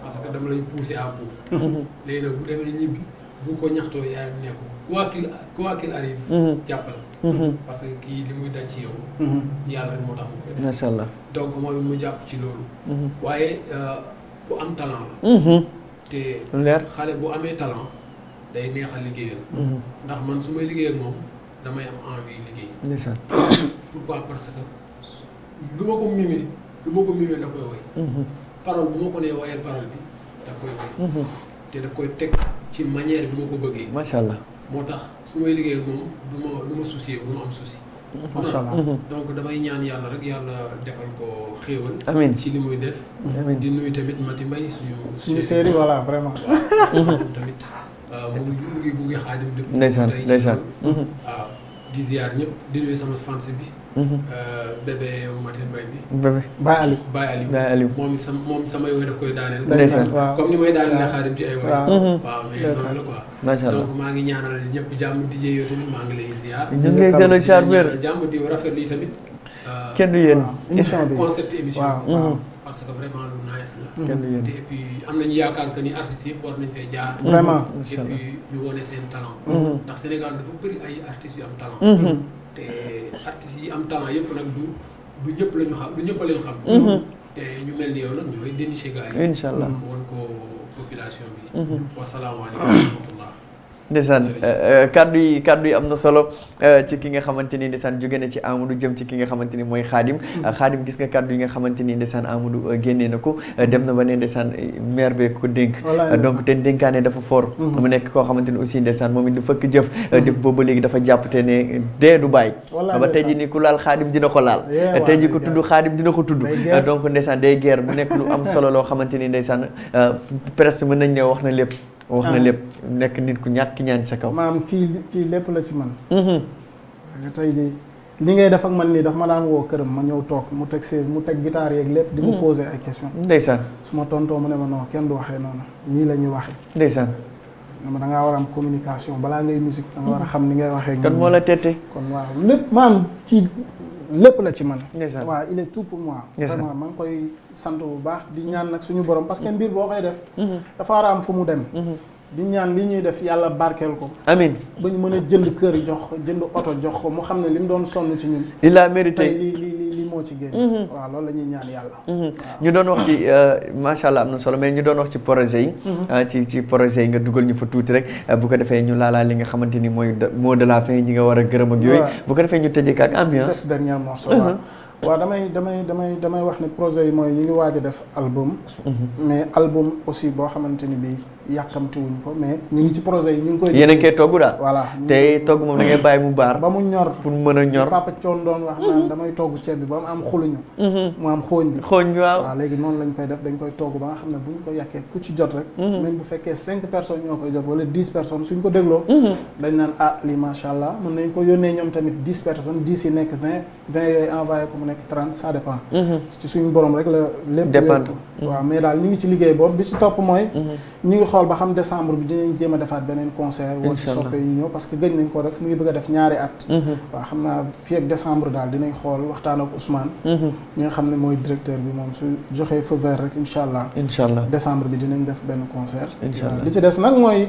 Speaker 3: parce que dama lay pousser à bout. Mhm. nag bu demee ñibbi bu ko ñaxtoo yaayam ne ko quoi qu'il quoi qu'il mhm. jàppal. parce que kii li muy daj ci yow. yàlla rek moo tax mu koy def. allah donc mooy mu jàpp ci loolu. waaye bu euh, am talent la. te. leer xale bu amee talent. day neexal liggéeyal. Mhm. ndax man su may liggéeyal moom damay am envie liggéey. ndeysaan. pourquoi parce que du ma ko mimee du ma ko mimee da koy woy. Mhm. parole bu ma ko nee da koy mhm. te daf koy teg ci manière bi ma ko bëggee. macha allah moo tax su may liggéeyal moom du ma du ma soucier du ma am souci. macha allah donc damay ñaan yàlla rek yàlla defal ko xéewal. amiin ci li muy def. amiin di nuyu tamit Mati Mbaye suñu. suñu série voilà vraiment. tamit. Euh, mu ngi mu ngi bugg xaadim dëpp. ndeysaan ndeysaan waaw euh, mhm. di ziar ñëpp di nuyu sama fans bi. Mhm. Euh, bébé Matin Mbaye bi. bébé Baye Aliou. Baye Aliou Baye Aliou moom sama moom sama yooyu daf koy daaneel. ndeysaan waaw comme ni may daaneel xaadim ci ay waay. Mhm. waaw mais noonu la quoi. macha allah donc maa ngi ñaanal ñëpp jàmm di jëyoo tamit maa ngi lay ziar. ñu ngi lay delloo ziar wér. tamit.
Speaker 2: kenn du yéen. émission bi concept émission.
Speaker 3: parce que vraiment lu nice la. te et puis am nañu yaakaar que ni artistes yëpp war nañ fee jaar. vraiment et ñu wone seen talent. Mhm. ndax Sénégal dafa bëri ay artistes yu am talent. Mhm. te artistes yi am talent yëpp nag du du ñëpp la ñu xam du ñëpp a xam. Mhm. te ñu mel ni yow nag ñooy dénicher gars yi. incha allah won ko population bi. wasalaamaaleykum wa
Speaker 2: rahmatullah. ndeysaan eh, eh, kaddu yi kaddu yi am na solo eh, ci ki nga xamante ni ndeysaan jóge na ci Amadou jëm ci ki nga xamante ni mooy Xaadim Xaadim hmm. gis nga kaddu yi nga xamante ni ndeysaan Amadou génnee na ko dem na ba ne ndeysaan maire bee ko dénk donc te dénkaane dafa fort hmm. mu nekk koo xamante ni aussi ndeysaan moom it du fëkk jëf hmm. def booba léegi dafa jàpp te ne dee du bàyyi ba tey ji ku laal Xaadim dina ko laal tey ji ko tudd Xaadim dina ko tudd donc ndeysaan day guerre bu nekk lu am solo loo xamante ni ndeysaan presque mën nañ ne wax na lépp wax na ah. lépp nekk nit ku ñàkk ñaan sa kaw.
Speaker 1: maam kii kii lépp la si man. Mhm. parce tey di li ngay def ak man nii daf ma daan woo këram ma ñëw toog mu teg chaise mu teg guitare yeeg lépp. di ma mhm. posé ay questions. ndeysaan su ma tontoo mu ne ma non kenn du waxee noonu nii la ñuy waxee. ndeysaan. dama da ngaa war a am communication balaa ngay musique da war a mhm. xam ni ngay waxee. kon moo la tette kon waaw lépp maam ci lépp la ci man waaw il est tout pour moi vraiment ma ngi koy sant bu baax di ñaan nag suñu borom parce que mm-hmm. mbir boo koy def mm-hmm. dafa war a am fu mu dem mm-hmm. di ñaan li ñuy def yàlla barkeel ko amiin ba ñu mën a jënd kër jox jënd oto jox ko mu xam ne li mu doon sonn ci ñun il a mérité moo ci génn. Mhm. waaw loolu la ñuy ñaan yàlla.
Speaker 2: Mhm. ñu doon wax ci euh, macha allah am na solo mais ñu doon wax ci projet yi. Mhm. Ah, ci projet yi nga dugal ñu fa tuuti rek euh, bu ko defee ñu laalaa li nga xamante mooy mot de la fin ñi nga war a gërëm ak yooyu. bu ko defee ñu tëjee ak ambiance. dernier
Speaker 1: damay damay damay wax ne projet yi mooy ñu ngi waaj a def album. mais album aussi boo xamante bii. yàkkamti wuñ ko mais
Speaker 2: ñu ngi ci projet yi ñu ngi koy. yéen a koy togg daal voilà. te togg moom da bàyyi mu baar. ba mu ñor pour mu mën a ñor. papa
Speaker 1: mhm. mu mën nañ ko yónnee ñoom tamit dix personnes mhm. mhm. mais daal ñu ngi ci liggéey boobu bi ci topp mooy xool ba xam décembre bi dinañ jéem a defaat beneen concert woo si soppe yi ñëw parce que gëj nañ ko def mu bëgg a def ñaari at mhm. waaw xam naa fii ak décembre daal dinañ xool waxtaan ak Ousmane mhm. ñi nga xam ne mooy directeur bi moom su joxee feu vert rek incha allah incha allah décembre bi dinañ def benn concert incha allah li ci des nag mooy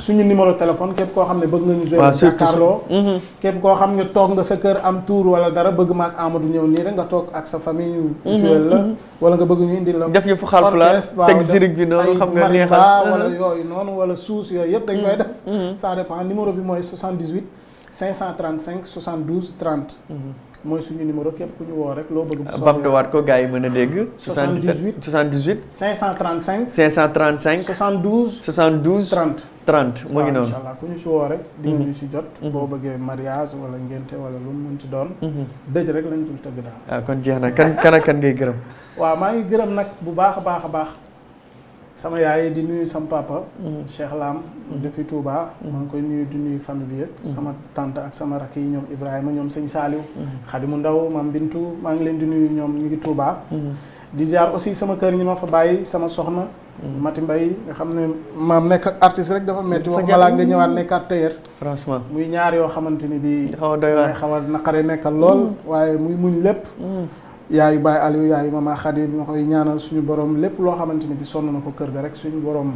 Speaker 1: suñu numéro téléphone képp koo xam ne bëgg nga ñu jouer jàkkaarloo mhm. képp koo xam ne toog nga sa kër am tour wala dara bëgg maak Amadou ñëw nii rek nga toog ak sa famille ñu mhm, la mhm. wala nga bëgg ñu
Speaker 2: indil la def yëfu xalpulaar teg zirig bi noonu xam nga neexal wala
Speaker 1: yooyu noonu wala suus yooyu yëpp dañ koy def ça dépend numéro bi mooy 78 535 72 30 mooy suñu numéro képp ku ñu woo rek loo bëgg. bamtuwaat
Speaker 2: ko gars yi mën a dégg. 78 78 78. 535. 535. 72. 72 30. 30 mu ngi noonu incha allah
Speaker 1: ku mhm. jot. Mhm. boo bëggee mariage wala ngénte wala lu mu mënti doon. Mhm. dëj rek lañ dul tëgg daal.
Speaker 2: Ah, kon jeex na kan kan ak kan ngay gërëm.
Speaker 1: waaw maa ngi gërëm nag bu baax a baax a baax. sama yaay di nuyu sam papa. Cheikh Lam depuis Touba. maa ngi koy nuyu di nuyu famille bi yëpp. sama tante ak sama rakk yi ñoom Ibrahima ñoom sëñ Saliou. mu Ndaw maam Bintu maa ngi leen di nuyu ñoom ñu ngi Touba. di ziar aussi sama kër ñi ma fa bàyyi sama soxna. Mati Mbaye nga xam ne maam nekk ak artiste rek dafa metti wax balaa nga mm. ñëwaat nekkaat tailleur franchement muy ñaar yoo xamante ni bii xaw a doy xaw a naqare nekkal lool mm. waaye muy muñ lépp mm. yaayu Baye Aliou yaayu Mama Khady ma koy ñaanal suñu borom lépp loo xamante ni bi sonn na ko kër ga rek suñu borom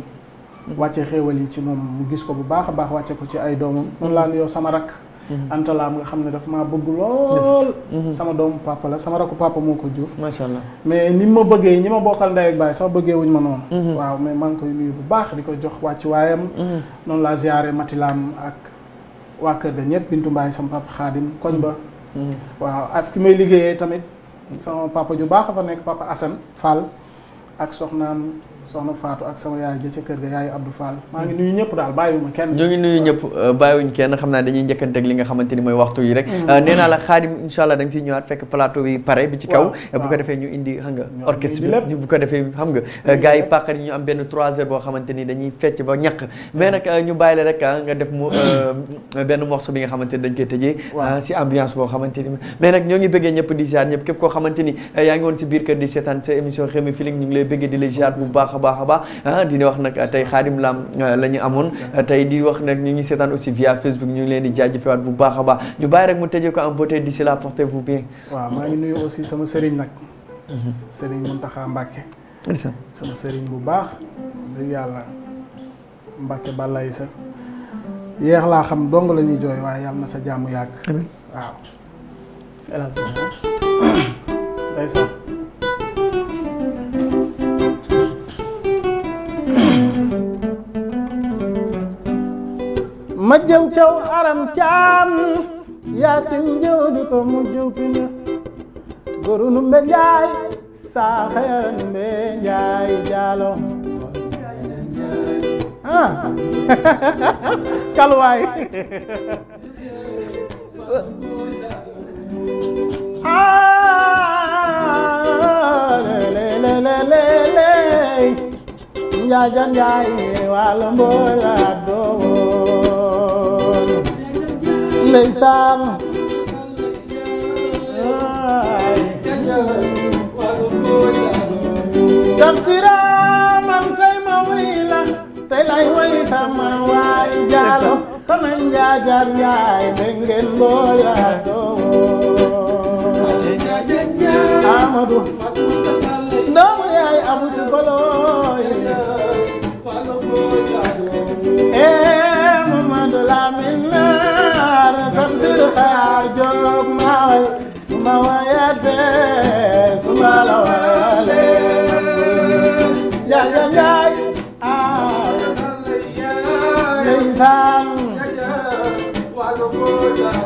Speaker 1: wàcce xéewal yi ci moom mu gis ko bu baax a baax wàcce ko ci ay doomam noonu laa nuyoo sama rakk Mhm. antalaam nga xam ne dafa maa bëgg lool mhm. sama doomu papa la sama rakku papa moo ko jur macha allah mais ni ma bëggee ñi ma bokkal ndey ak baay sax bëggee wuñ ma noonu mhm. waaw mais maa ngi koy nuyu bu baax di ko jox wàcc waayam noonu laa ziyaare matilaam ak waa kër ga ñëpp Bintu Mbaay sama papa xaadim koñ ba waaw ak ki may liggéeyee tamit sama papa ju baax a fa nekk papa Assane Fall ak soxnaam soxna Fatou ak sama yaay ja ca kër ga yaayu Abdou Fall maa ngi nuyu
Speaker 2: ñëpp daal bàyyiwuma kenn euh, kenn mooy waxtu yi mm. euh, la xaadim insha allah da nga fiy ñëwaat fekk plateau bi pare bi ci kaw bu ko defee ñu indi xam nga orchestre bi bu ko defee xam nga euh, ni dañuy fecc ba ñoo ngi bëggee ñëpp di ziar ñëpp képp koo xamante yaa ngi woon si biir kër di seetaan sa émission Rewmi Feeling ñu ngi lay bëggee di la ziar bu baax baax a baax a baax ah, wax nag tey xaadim lam ah, la ñu amoon tey di wax nag ñu ngi seetaan aussi via Facebook ñu ngi leen di jaaj jaajëfewaat bu baax a baax ñu bàyyi rek mu tëjee ko en beauté d'ici là portez-vous bien.
Speaker 1: waaw maa ngi nuyu aussi sama sëriñ nag. Mhm. sëriñ Mountakha Mbacké. sama sëriñ bu baax. dëgg yàlla Mbacké Balaye sa yeex laa xam dong la ñuy jooy waaye yàlla na sa jàmm yàgg. amiin ma jëw caw aram caam yaasin jëw di ko mu jëw pin goru numbe njaay saa xeeran mbe njaay jaalo ah kalwaay ah le le le le njaay ndeysaan tafsira man tey ma way la tey lay way sama waay jaalo kanan jaajar yaay dengel looyaatoo Amadou doomu yaay abutu bolooy eh, jóg ma way su ma wayatee su ma la wayalee yaayam yaay aa ah. ndeysaan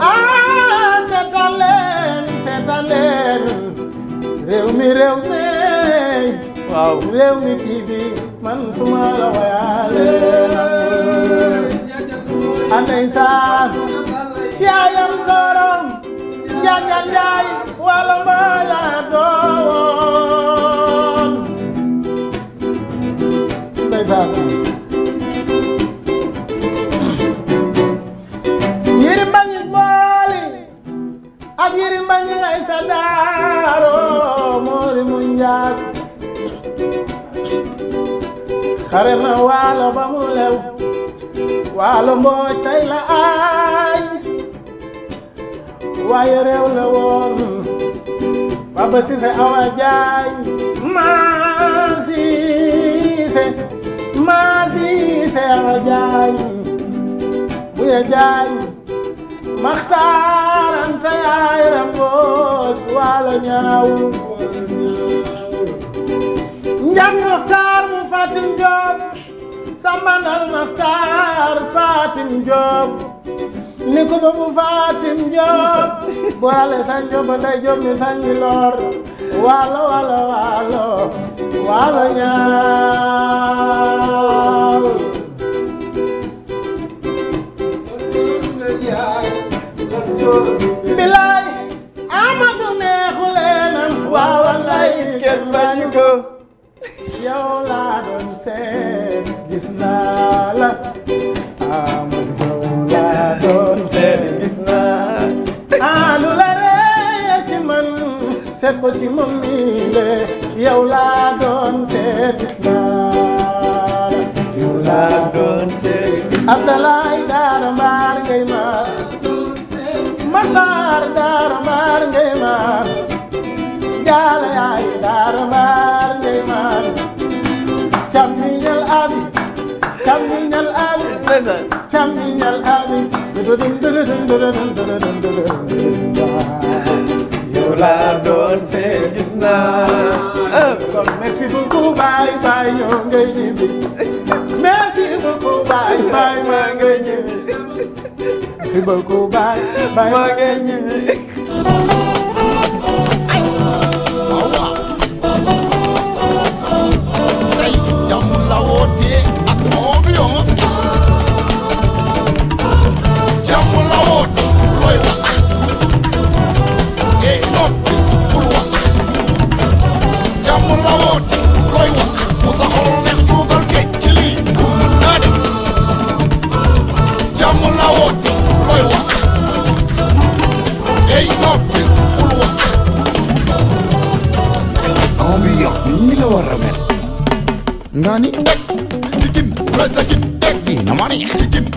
Speaker 1: aa ah, seetaan leen seetaan leen réew mi réew mi waaw réew mi TV man su ma la wayalee aa ah, ndeysaan yaayam gorom njaaja njaay a mbaala doon ndeysaan yiri mbañi booli ak yiri mbañi ay sa daaro moori mu njaag ba mu lew waalo mbooj tay la a waaye réew la woon Baba Cissé Awa Jaay maa Cissé maa Cissé Awa Jaay Buya Jaay Maxtaar Anta yaay Rambooj waalo ñaaw njang Maxtaar mu Fatim Joob Samba Ndal Maxtaar Fatim Joob ni ko ba mu faatim joob boole sanjo ba day joob ni sanji lor waalo waalo waalo waalo ñaaw bilaay amatu neexu leenam waa wallaay kenn bañu ko yow laa doon seet gis naa la doon seede gis naa ah lu la reer ci man seet ko ci moom mii le yow laa doon seede gis naa
Speaker 2: yow laa doon seede gis naa Abdalaay
Speaker 1: daara mbaar ngay maar Matar daara mbaar ngay maar Jaala yaay daara mbaar ngay maar càmmiñal abi càmmiñal abi càmmiñal abi
Speaker 2: yow laa doon seen gis naa
Speaker 1: kon merci baay baay ñoo ngay ñibbi merci beaucoup baay baay maa ngay sa xol neex dugal géej ci lii bu mun la woot looy wax noppi bul wax ambiance ni la war a mel nga ni wet jigéen la jigéen teg bi na ma neex